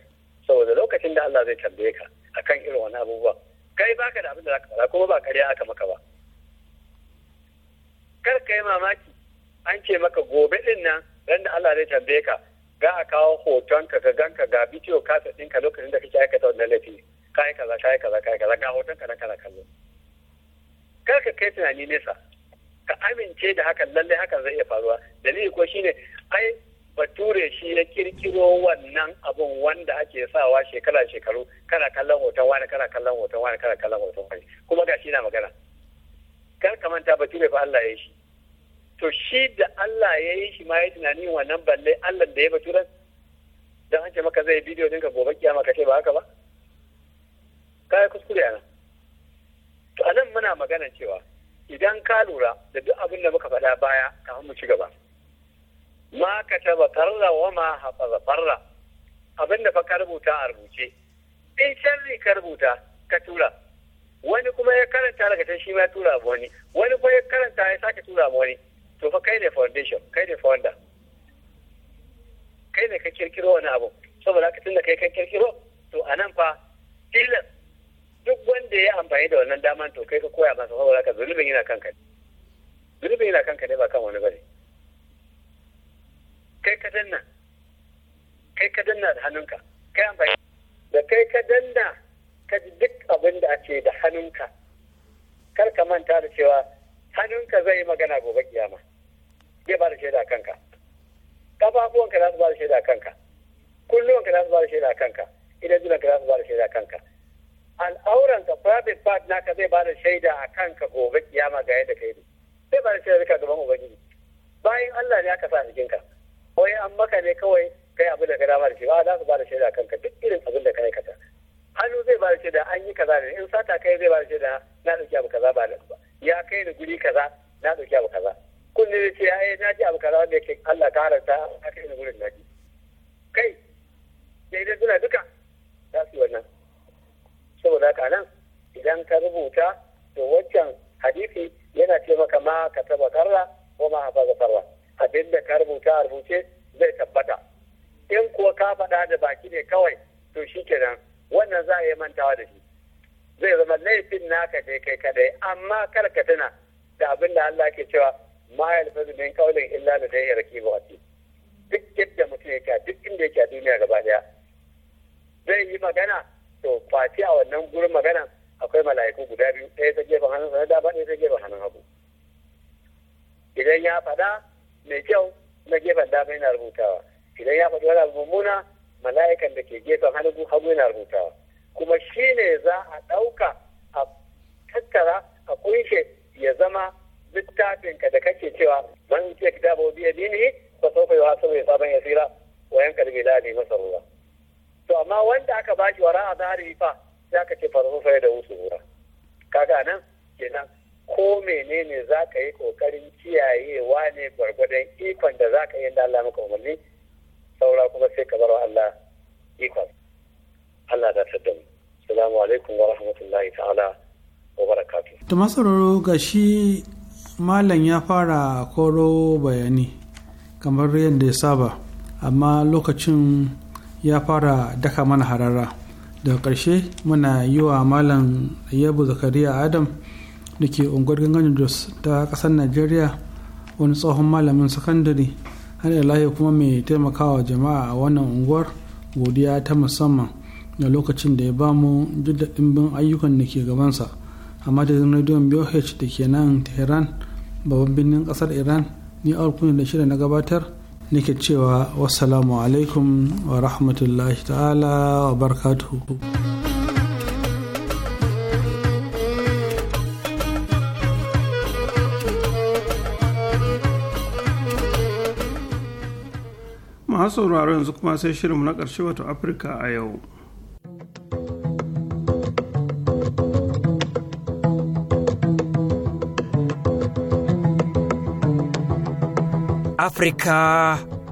saboda lokacin da Allah zai tambaye ka akan irin wani abubuwa kai baka da abin da zaka fara kuma ba ƙarya aka maka ba kar ka yi mamaki an ce maka gobe din nan ran da Allah zai tambaye ka ga a kawo hoton ka ga ganka ga bidiyo kasa ɗinka lokacin da kake aikata wannan laifi kai kaza kai kaza kai kaza ga hoton ka kana kallo kar ka kai tunani nesa ka amince da hakan lallai hakan zai iya faruwa dalili ko shine ai bature shi ya kirkiro wannan abun wanda ake sawa shekara shekaru kana kallon hoton wani kana kallon hoton wani kana kallon hoton wani kuma ga shi na magana kar ka manta bature fa Allah ya yi shi to shi da Allah ya yi shi ma ya tunani wannan balle Allah da ya bature dan an ce maka zai bidiyo dinka gobe kiyama ka ce ba haka ba kai kuskure ana to anan muna magana cewa idan ka lura da duk abin da muka faɗa baya kafin mu ci gaba ma ka taba karra wa ma hafaza farra abinda fa ka rubuta a rubuce in sharri ka rubuta ka tura wani kuma ya karanta daga ta shi ma tura abu wani wani kuma ya karanta ya sake tura abu wani to fa kai ne foundation kai ne founder kai ne ka kirkiro wani abu saboda haka tunda kai ka kirkiro to a nan fa tilas duk wanda ya amfani da wannan daman to kai ka koya masa saboda haka zunubin yana kanka ne zunubin yana kanka ne ba kan wani bane kai ka danna kai ka danna da hannunka kai amfani da kai ka danna ka ji duk abin da ake da hannunka kar ka manta da cewa hannunka zai yi magana gobe kiyama zai ba da shaida kanka kafafuwanka za su ba da shaida kanka kulluwanka za su ba da shaida kanka idan ka za su ba da shaida kanka Al'auran ka private part naka zai ba da shaida a kanka gobe kiyama ga yadda ka yi zai ba da shaida kanka gaban ubangiji bayan Allah ne aka sa jikinka wai an maka ne kawai kai abin da ka dama da shi ba za su ba da shaida kanka duk irin abin da ka aikata hannu zai ba da shaida an yi kaza ne in sata kai zai ba da shaida na ɗauki abu kaza ba da ba ya kai ni guri kaza na ɗauki abu kaza kunne ne ce ai na ji abu kaza wanda yake Allah ka haranta na kai ni gurin na ji kai dai suna duka za su yi wannan saboda haka nan idan ka rubuta to waccan hadisi yana ce maka ma ka taba karra ko ma hafaza farwa. abin da ka rubuta a rubuce zai tabbata in kuwa ka faɗa da baki ne kawai to shi kenan wannan za a yi mantawa da shi zai zama laifin naka ne kai kadai amma kar ka tuna da abin da Allah ke cewa ma yalfazu min qawlin illa da ladayhi ba atid duk yadda mutum yake duk inda yake a duniya gaba daya zai yi magana to face a wannan gurin magana akwai mala'iku guda biyu ɗaya ta gefen hannun sana dama ɗaya ta gefen hannun hagu idan ya faɗa mai kyau na gefen dama yana rubutawa idan ya faɗi wani abu muna mala'ikan da ke gefen hannu hagu yana rubutawa kuma shi ne za a ɗauka a tattara a kunshe ya zama littafinka da kake cewa man utiya kitabu bi yadinihi fa sawfa yuhasabu hisaban yasira wa yanqalibu ila masa ruwa to amma wanda aka bashi wara a zahiri fa sai aka ce da fa da usura kaga nan kenan ko menene za ka yi kokarin kiyayewa ne gwargwadon ikon da za ka yi da Allah maka umarni saura kuma sai ka bar Allah ikon Allah da tadda assalamu alaikum wa rahmatullahi ta'ala wa barakatuh to masararo ga shi malam ya fara koro bayani kamar yadda ya saba amma lokacin ya fara daka mana harara daga ƙarshe muna yi wa malam yabu zakariya adam da ke unguwar gangan jos ta kasar najeriya wani tsohon malamin sakandare har ilahi kuma mai taimakawa jama'a a wannan unguwar godiya ta musamman da lokacin da ya bamu duk da ɗimbin ayyukan da ke gabansa a madadin rediyon boh da ke nan tehran babban birnin kasar iran ni a da shida na gabatar nake cewa wassalamu alaikum wa rahmatullahi ta'ala wa barakatuhu masu sauraro yanzu kuma sai shirinmu na ƙarshe wato afirka a yau afirka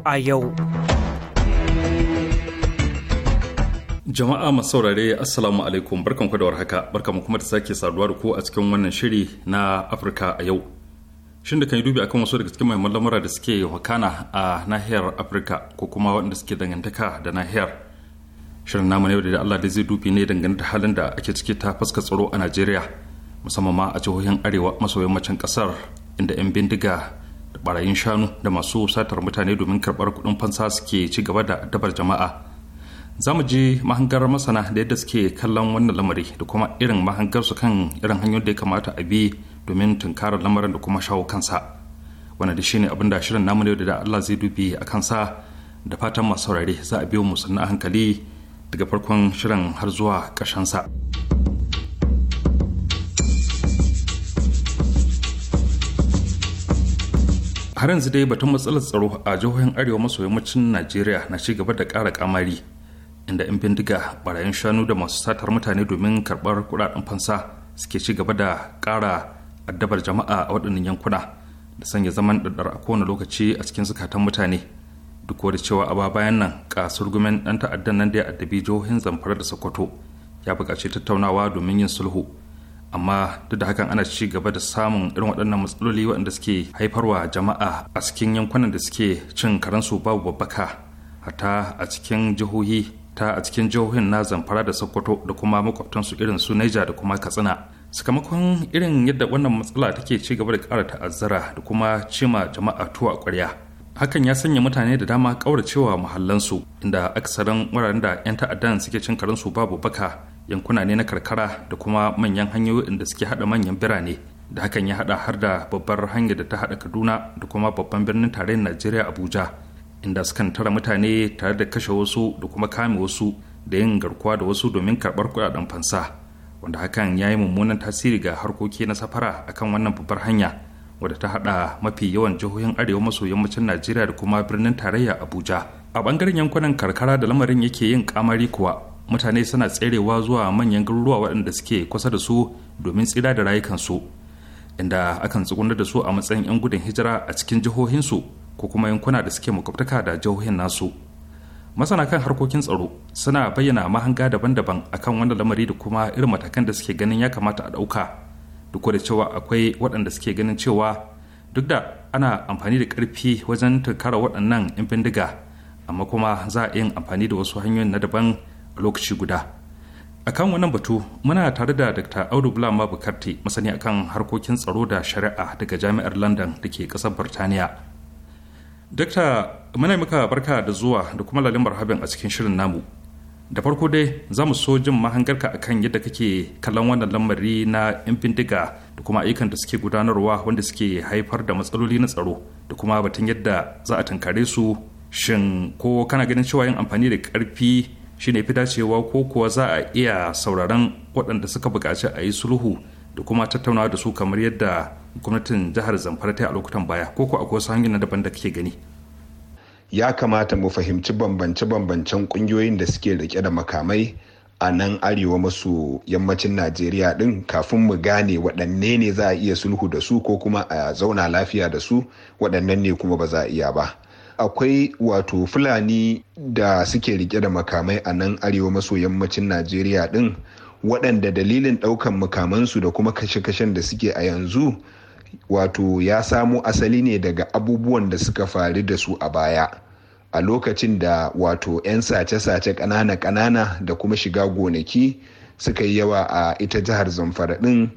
a yau jama'a masu saurare assalamu alaikum barkan da haka, barkan kuma da sake saduwa da ku a cikin wannan shiri na afirka a yau shin da kan yi dubi akan wasu daga cikin mahimman lamura da suke wakana a nahiyar afirka ko kuma waɗanda suke dangantaka da nahiyar shirin namu ne da allah da zai dubi ne dangane da halin da ake ciki ta fuskar tsaro a najeriya musamman ma a jihohin arewa maso yammacin ƙasar inda 'yan bindiga da barayin shanu da masu satar mutane domin karɓar kuɗin fansa suke ci gaba da dabar jama'a za mu ji mahangar masana da yadda suke kallon wannan lamari da kuma irin mahangar su kan irin hanyoyin da ya kamata a bi domin tunkarar lamarin da kuma shawo kansa wanda da shine abin da shirin namu ne da Allah zai dubi a kansa da fatan masu saurare za a biyo musu na hankali daga farkon shirin har zuwa ƙarshen sa. har yanzu dai batun matsalar tsaro a jihohin arewa maso yammacin najeriya na ci gaba da ƙara kamari inda in bindiga barayin shanu da masu satar mutane domin karɓar kuɗaɗen fansa suke ci gaba da ƙara addabar jama'a a waɗannan yankuna da sanya zaman ɗaɗɗar a kowane lokaci a cikin zukatan mutane duk da cewa a bayan nan kasar gumen ɗan ta'addan nan da ya addabi jihohin zamfara da sokoto ya buƙaci tattaunawa domin yin sulhu amma duk da hakan ana ci gaba da samun irin waɗannan matsaloli waɗanda suke haifarwa jama'a a cikin yankunan da suke cin karansu babu babbaka hatta a cikin jihohi ta a cikin jihohin na zamfara da sokoto da kuma makwabtansu irin su naija da kuma katsina sakamakon irin yadda wannan matsala take ci gaba da ƙara ta'azzara da kuma cima jama'a tuwa ƙwarya hakan ya sanya mutane da dama ƙauracewa muhallansu inda aksarin wuraren da 'yan ta'addan suke cin karansu babu baka yankuna ne na karkara da kuma manyan hanyoyin da suke haɗa manyan birane da hakan ya haɗa har da babbar hanyar da ta haɗa kaduna da kuma babban birnin tarayyar najeriya abuja inda sukan tara mutane tare da kashe wasu da kuma kame wasu da yin garkuwa da wasu domin karɓar kuɗaɗen fansa wanda hakan ya yi mummunan tasiri ga harkoki na safara akan wannan babbar hanya wadda ta hada mafi yawan jihohin arewa maso yammacin najeriya da kuma birnin tarayya abuja a bangaren yankunan karkara da lamarin yake yin kamari kuwa mutane suna tserewa zuwa manyan garuruwa waɗanda suke kusa da su domin tsira da rayukansu inda akan tsugunar da su a matsayin 'yan gudun hijira a cikin jihohinsu ko kuma yankuna da suke makwabtaka da jihohin nasu masana kan harkokin tsaro suna bayyana mahanga daban-daban akan wannan lamari da kuma irin matakan da suke ganin ya kamata a ɗauka duk da cewa akwai waɗanda suke ganin cewa duk da ana amfani da ƙarfi wajen tunkara waɗannan 'yan bindiga amma kuma za a yi amfani da wasu hanyoyin na daban a lokaci guda a kan wannan batu muna tare da dr audu bulama bukarti masani akan harkokin tsaro da shari'a daga jami'ar london da ke ƙasar birtaniya dakta muna muka barka da zuwa da kuma lalin marhaban a cikin shirin namu da farko dai za mu so jin mahangarka a kan yadda kake kallon wannan lamari na yan bindiga da kuma ayyukan da suke gudanarwa wanda suke haifar da matsaloli na tsaro da kuma batun yadda za a tankare su shin ko kana ganin cewa yin amfani da karfi shine fi dacewa ko kuwa za a iya sauraron waɗanda suka buƙaci a yi sulhu da kuma tattaunawa da su kamar yadda gwamnatin jihar zamfara ta yi a lokutan baya ko ko akwai wasu hanyoyi na daban da kake gani ya kamata mu fahimci bambance-bambancen kungiyoyin da suke rike da makamai a nan arewa maso yammacin najeriya din kafin mu gane waɗanne ne za a iya sulhu da su ko kuma a zauna lafiya da su waɗannan ne kuma ba za a iya ba akwai wato fulani da suke rike da makamai a nan arewa maso yammacin najeriya din waɗanda dalilin ɗaukan makamansu da kuma kashe-kashen da suke a yanzu wato ya samo asali ne daga abubuwan da suka faru da su a baya a lokacin da wato 'yan sace-sace kanana-kanana da kuma shiga gonaki suka yi yawa a ita jihar zamfara ɗin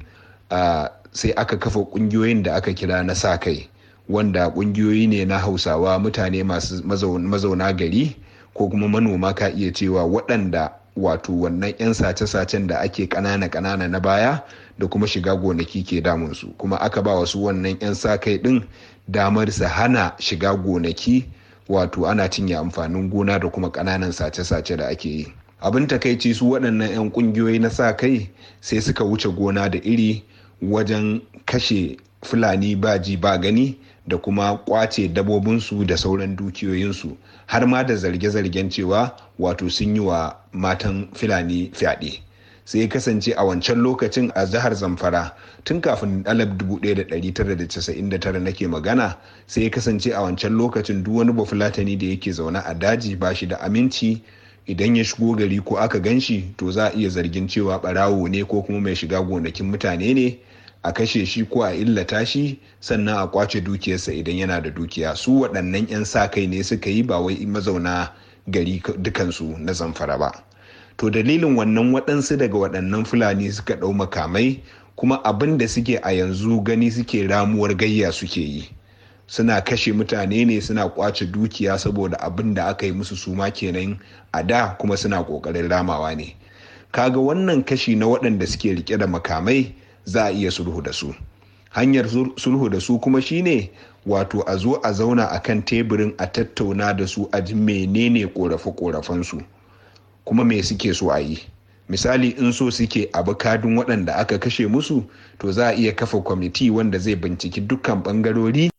sai aka kafa ƙungiyoyin da aka kira na sa kai wanda ƙungiyoyi ne na hausawa mutane masu mazauna gari ko kuma manoma ka iya cewa waɗanda wato wannan 'yan sace-sacen da ake kanana-kanana na baya da kuma shiga gonaki ke damunsu kuma aka ba wasu wannan 'yan sa kai ɗin damar su hana shiga gonaki wato ana cinye amfanin gona da kuma ƙananan sace-sace da ake yi abin takaici su waɗannan 'yan ƙungiyoyi na sa kai sai suka wuce gona da iri wajen kashe fulani ba ji ba gani da kuma kwace dabobinsu da sauran dukiyoyinsu har ma da zarge-zargen cewa wato sun yi wa matan fulani fyaɗe. sai ya kasance a wancan lokacin a jihar zamfara tun kafin 1999 nake magana sai ya kasance a wancan lokacin duk wani bafulatani da yake zaune a daji ba shi da aminci idan ya shigo gari ko aka gan shi to za a iya zargin cewa barawo ne ko kuma mai shiga gonakin mutane ne a kashe shi ko a illata shi sannan a kwace dukiyarsa idan yana da dukiya su waɗannan 'yan sa kai ne suka yi ba wai mazauna gari dukansu na zamfara ba. to dalilin wannan waɗansu daga waɗannan fulani suka ɗau makamai kuma abin da suke a yanzu gani suke ramuwar gayya suke yi suna kashe mutane ne suna kwace dukiya saboda abin da aka yi musu suma kenan a da kuma suna ƙoƙarin ramawa ne kaga wannan kashi na waɗanda suke rike da makamai za a iya sulhu da su hanyar sulhu da su kuma shine wato a zo a zauna a kan teburin a tattauna da su a ji menene korafe su. kuma me suke so a yi misali in so suke a waɗanda aka kashe musu to za a iya kafa kwamiti wanda zai binciki dukkan bangarori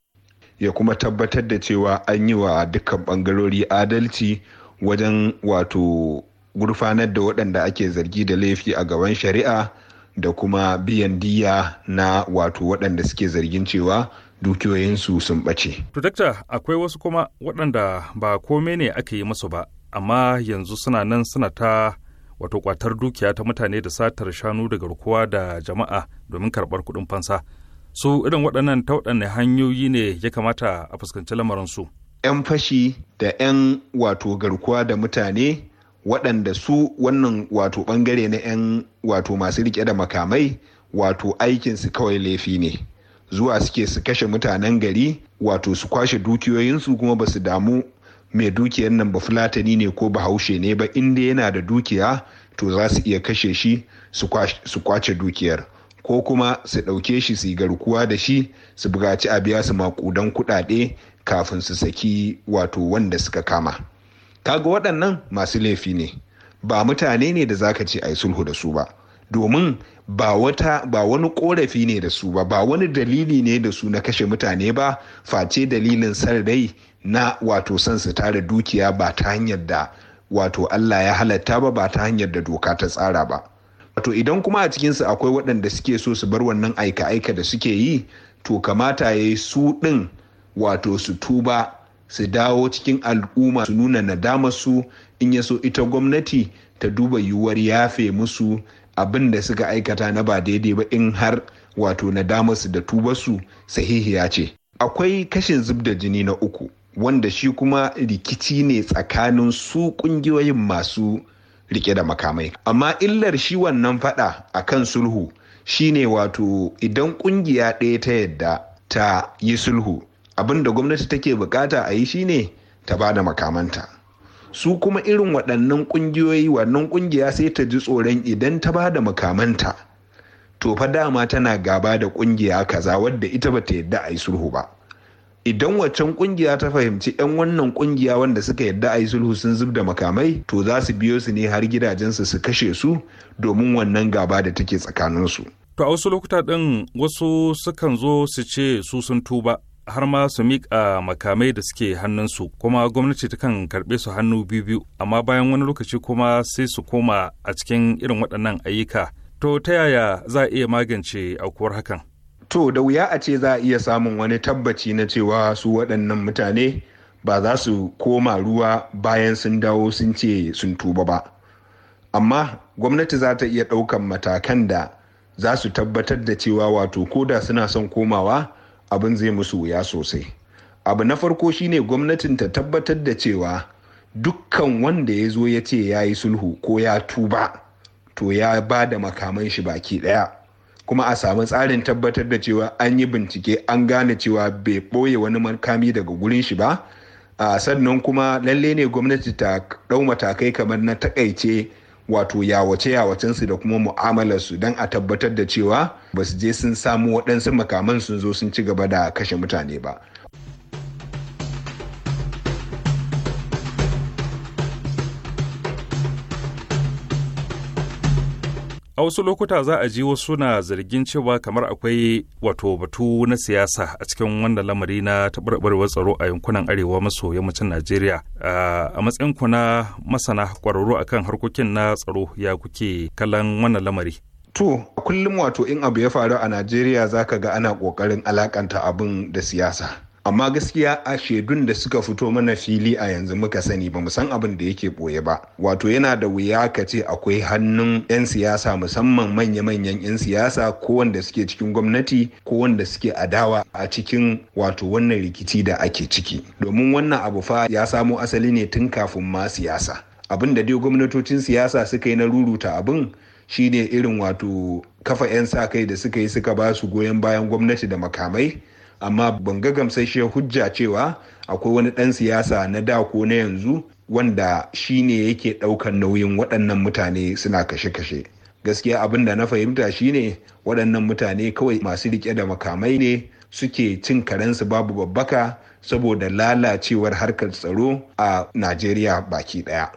ya kuma tabbatar da cewa an yi wa dukkan bangarori adalci wajen wato gurfanar da waɗanda ake zargi da laifi a gaban shari'a da kuma biyan diya na wato waɗanda suke zargin cewa dukiyoyinsu sun ɓace. To akwai wasu kuma waɗanda ba kome ne aka yi masu ba amma yanzu suna nan suna ta wato kwatar dukiya ta mutane da satar shanu daga garkuwa da jama'a domin karɓar kuɗin fansa su irin waɗannan ta waɗanne hanyoyi ne ya kamata a fuskanci lamarinsu. 'yan fashi da 'yan wato garkuwa da mutane waɗanda su wannan wato ɓangare na 'yan wato masu riƙe da makamai wato aikinsu kawai laifi ne zuwa suke su kashe mutanen gari wato su kwashe dukiyoyinsu kuma ba su damu mai dukiyar nan ba fulatani ne ko bahaushe ne ba inda yana da dukiya to za su iya kashe shi su kwace dukiyar ko kuma su ɗauke shi su yi garkuwa da shi su bugaci a biya su makudan kuɗaɗe kafin su saki wato wanda suka kama kaga waɗannan masu laifi ne ba mutane ne da zaka ce a yi sulhu da su ba domin ba wata ba wani korafi ne da su ba ba wani dalili ne da su na kashe mutane ba face dalilin san rai na wato son su tara dukiya ba ta hanyar da wato Allah ya halatta ba ba ta hanyar da doka ta tsara ba wato idan kuma a cikinsu akwai waɗanda suke so su bar wannan aika-aika da suke yi to kamata ya yi su ɗin wato su tuba su dawo cikin al'umma su nuna su in ya so ita gwamnati ta duba yiwuwar yafe musu abin da suka aikata na ba daidai ba in har wato su da su sahihiya ce akwai kashin zub da jini na uku wanda shi kuma rikici ne tsakanin su kungiyoyin masu rike da makamai amma illar shi wannan fada a kan sulhu shine wato idan kungiya ɗaya ta yadda ta yi sulhu abinda gwamnati take bukata a yi shine ta bada makamanta su kuma irin waɗannan ƙungiyoyi wannan ƙungiya sai ta ji tsoron idan ta ba da makamanta to fa dama tana gaba da ƙungiya kaza wadda ita ba ta yadda a yi sulhu ba idan waccan kungiya ta fahimci 'yan wannan kungiya wanda suka yadda a yi sulhu sun zub da makamai to za su biyo su ne har gidajensu su kashe su domin wannan gaba da take tsakaninsu. To a wasu lokuta din wasu sukan zo su ce su sun tuba har ma su miƙa makamai da suke hannunsu kuma gwamnati ta kan karɓe su hannu biyu biyu amma bayan wani lokaci kuma sai su koma a cikin irin waɗannan ayyuka. To ta yaya za a iya magance aukuwar hakan? to da wuya a ce za a iya samun wani tabbaci na cewa su waɗannan mutane ba za su koma ruwa bayan sun dawo sun ce sun tuba ba amma gwamnati za ta iya ɗaukan matakan da za su tabbatar da cewa wato ko da suna son komawa abin zai musu wuya sosai abu na farko shine gwamnatin ta tabbatar da cewa dukkan wanda ya zo ya ce ya yi sulhu ko ya tuba to ya ba da makaman shi baki ɗaya kuma a samu tsarin tabbatar da cewa an yi bincike an gane cewa bai ɓoye wani makami daga gurin shi ba a sannan kuma lalle ne gwamnati ta ɗau matakai kamar na takaice wato yawace yawacensu da kuma mu'amalarsu don a tabbatar da cewa ba su je sun samu waɗansu makaman sun zo sun ci gaba da kashe mutane ba a wasu lokuta za a ji wasu na zargin cewa kamar akwai wato batu na siyasa a cikin wannan lamari na taɓarɓarewar tsaro a yankunan arewa maso yammacin najeriya a matsayin ku na masana ƙwararru akan harkokin na tsaro ya kuke kallon wannan lamari To, kullum wato in abu ya faru a Najeriya zaka ga ana ƙoƙarin alakanta abin da siyasa. amma gaskiya a shaidun da suka fito mana fili a yanzu muka sani ba san abin da yake boye ba wato yana da wuya ka ce akwai hannun 'yan siyasa musamman manya-manyan 'yan siyasa ko wanda suke cikin gwamnati ko wanda suke adawa a cikin wato wannan rikici da ake ciki domin wannan abu fa ya samo asali ne tun kafin ma siyasa abin da dai gwamnatocin siyasa suka yi na ruruta abin shine irin wato kafa 'yan sa kai da suka yi suka ba su goyon bayan gwamnati da makamai amma ban ga gamsashe hujja cewa akwai wani ɗan siyasa na da ko na yanzu wanda shi ne yake ɗaukan nauyin waɗannan mutane suna kashe-kashe gaskiya abin da na fahimta shine waɗannan mutane kawai masu riƙe da makamai ne suke cin karensu babu babbaka saboda lalacewar harkar tsaro a najeriya baki ɗaya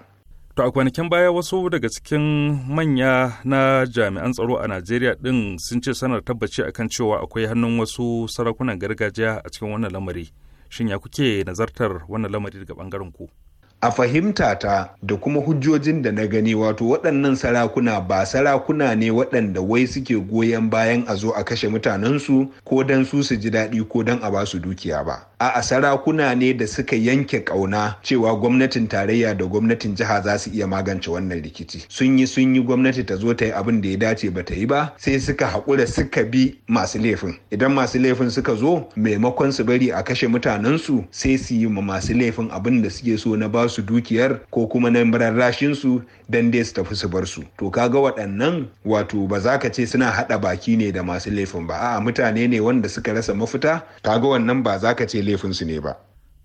To a kwanakin baya wasu daga cikin manya na jami'an tsaro a Najeriya din sun ce sanar tabbaci akan cewa akwai hannun wasu sarakunan gargajiya a cikin wannan lamari. Shin ya kuke nazartar wannan lamari daga bangaren ku? a fahimta ta da kuma hujjojin da na gani wato waɗannan sarakuna ba sarakuna ne waɗanda wai suke goyon bayan a zo a kashe mutanensu ko don su su ji daɗi ko don a ba su dukiya ba a sarakuna ne da suka yanke ƙauna cewa gwamnatin tarayya da gwamnatin jiha za su iya magance wannan rikici sun yi sun yi gwamnati ta zo ta yi abin da ya dace ba ta yi ba sai suka haƙura suka bi masu laifin idan masu laifin suka zo maimakon su bari a kashe mutanensu sai su yi ma masu laifin abin da suke so na ba su dukiyar ko kuma na rashin su dan dai su tafi su bar su to kaga waɗannan wato ba za ka ce suna haɗa baki ne da masu laifin ba a'a mutane ne wanda suka rasa mafita kaga wannan ba za ka ce laifin su ne ba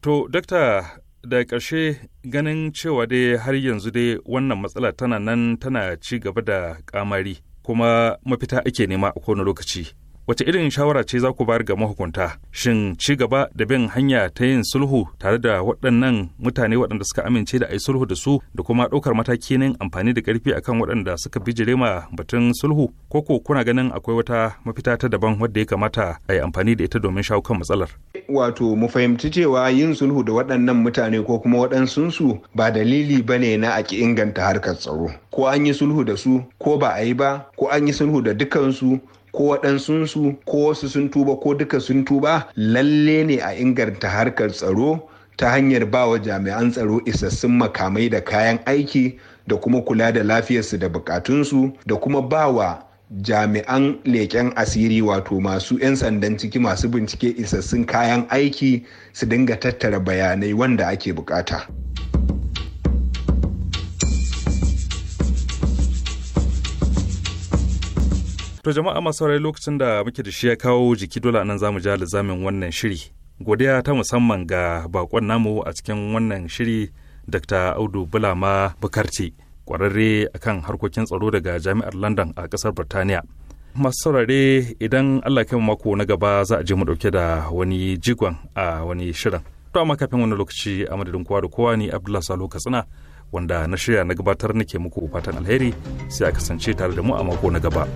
to dakta da karshe ganin cewa dai har yanzu dai wannan matsala tana nan tana ci gaba da kamari kuma mafita ake nema a kowane lokaci wace irin shawara ce za ku bayar ga mahukunta shin ci gaba da bin hanya ta yin sulhu tare da waɗannan mutane waɗanda suka amince da a yi sulhu da su da kuma ɗaukar mataki nan amfani da ƙarfi akan waɗanda suka bijire jirema batun sulhu ko ko kuna ganin akwai wata mafita ta daban wadda ya kamata a yi amfani da ita domin shawo kan matsalar wato mu fahimci cewa yin sulhu da waɗannan mutane ko kuma waɗansunsu ba dalili ba ne na a ki inganta harkar tsaro ko an yi sulhu da su ko ba a yi ba ko an yi sulhu da dukansu ko waɗansunsu ko wasu sun tuba ko duka sun tuba lalle ne a inganta harkar tsaro ta hanyar bawa jami'an tsaro isassun makamai da kayan aiki da kuma kula da lafiyarsu da bukatunsu da kuma bawa jami'an leƙen asiri wato masu 'yan sandan ciki masu bincike isassun kayan aiki su dinga tattara bayanai wanda ake bukata. To jama'a masu saurari lokacin da muke da shi ya kawo jiki dole nan zamu ja lizamin wannan shiri. Godiya ta musamman ga bakon namu a cikin wannan shiri Dr. Audu Bulama Bukarci kwararre akan harkokin tsaro daga Jami'ar London a ƙasar Birtaniya. Masu saurare idan Allah kai mako na gaba za a je mu dauke da wani jigon a wani shirin. To amma kafin wani lokaci a madadin kowa da kowa ne Abdullahi Salo Katsina wanda na shirya na gabatar nake muku fatan alheri sai a kasance tare da mu a mako na gaba.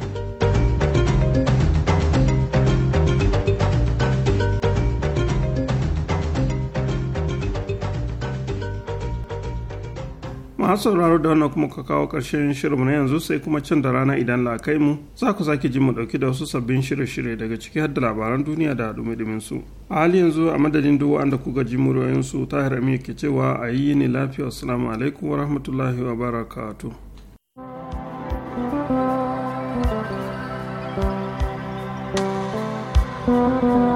masu sauraro da wannan kuma ka kawo ƙarshen shirinmu na yanzu sai kuma can da rana idan la kai mu za ku sake ji mu ɗauki da wasu sabbin shirye-shirye daga ciki har da labaran duniya da dumi su a hali yanzu a madadin duk wanda kuka ji su tahir amin ke cewa a yi ni lafiya assalamu alaikum wa rahmatullahi wa barakatu. thank you